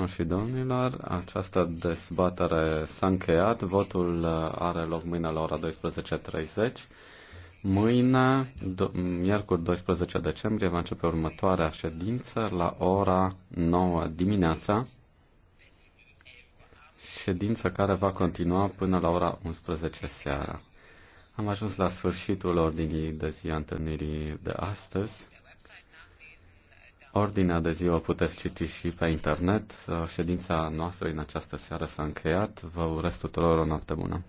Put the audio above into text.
Doamnelor și domnilor, această dezbatere s-a încheiat. Votul uh, are loc mâine la ora 12.30. Mâine, do- miercuri 12 decembrie, va începe următoarea ședință la ora 9 dimineața, ședință care va continua până la ora 11 seara. Am ajuns la sfârșitul ordinii de zi a întâlnirii de astăzi. Ordinea de zi o puteți citi și pe internet. Ședința noastră în această seară s-a încheiat. Vă urez tuturor o noapte bună.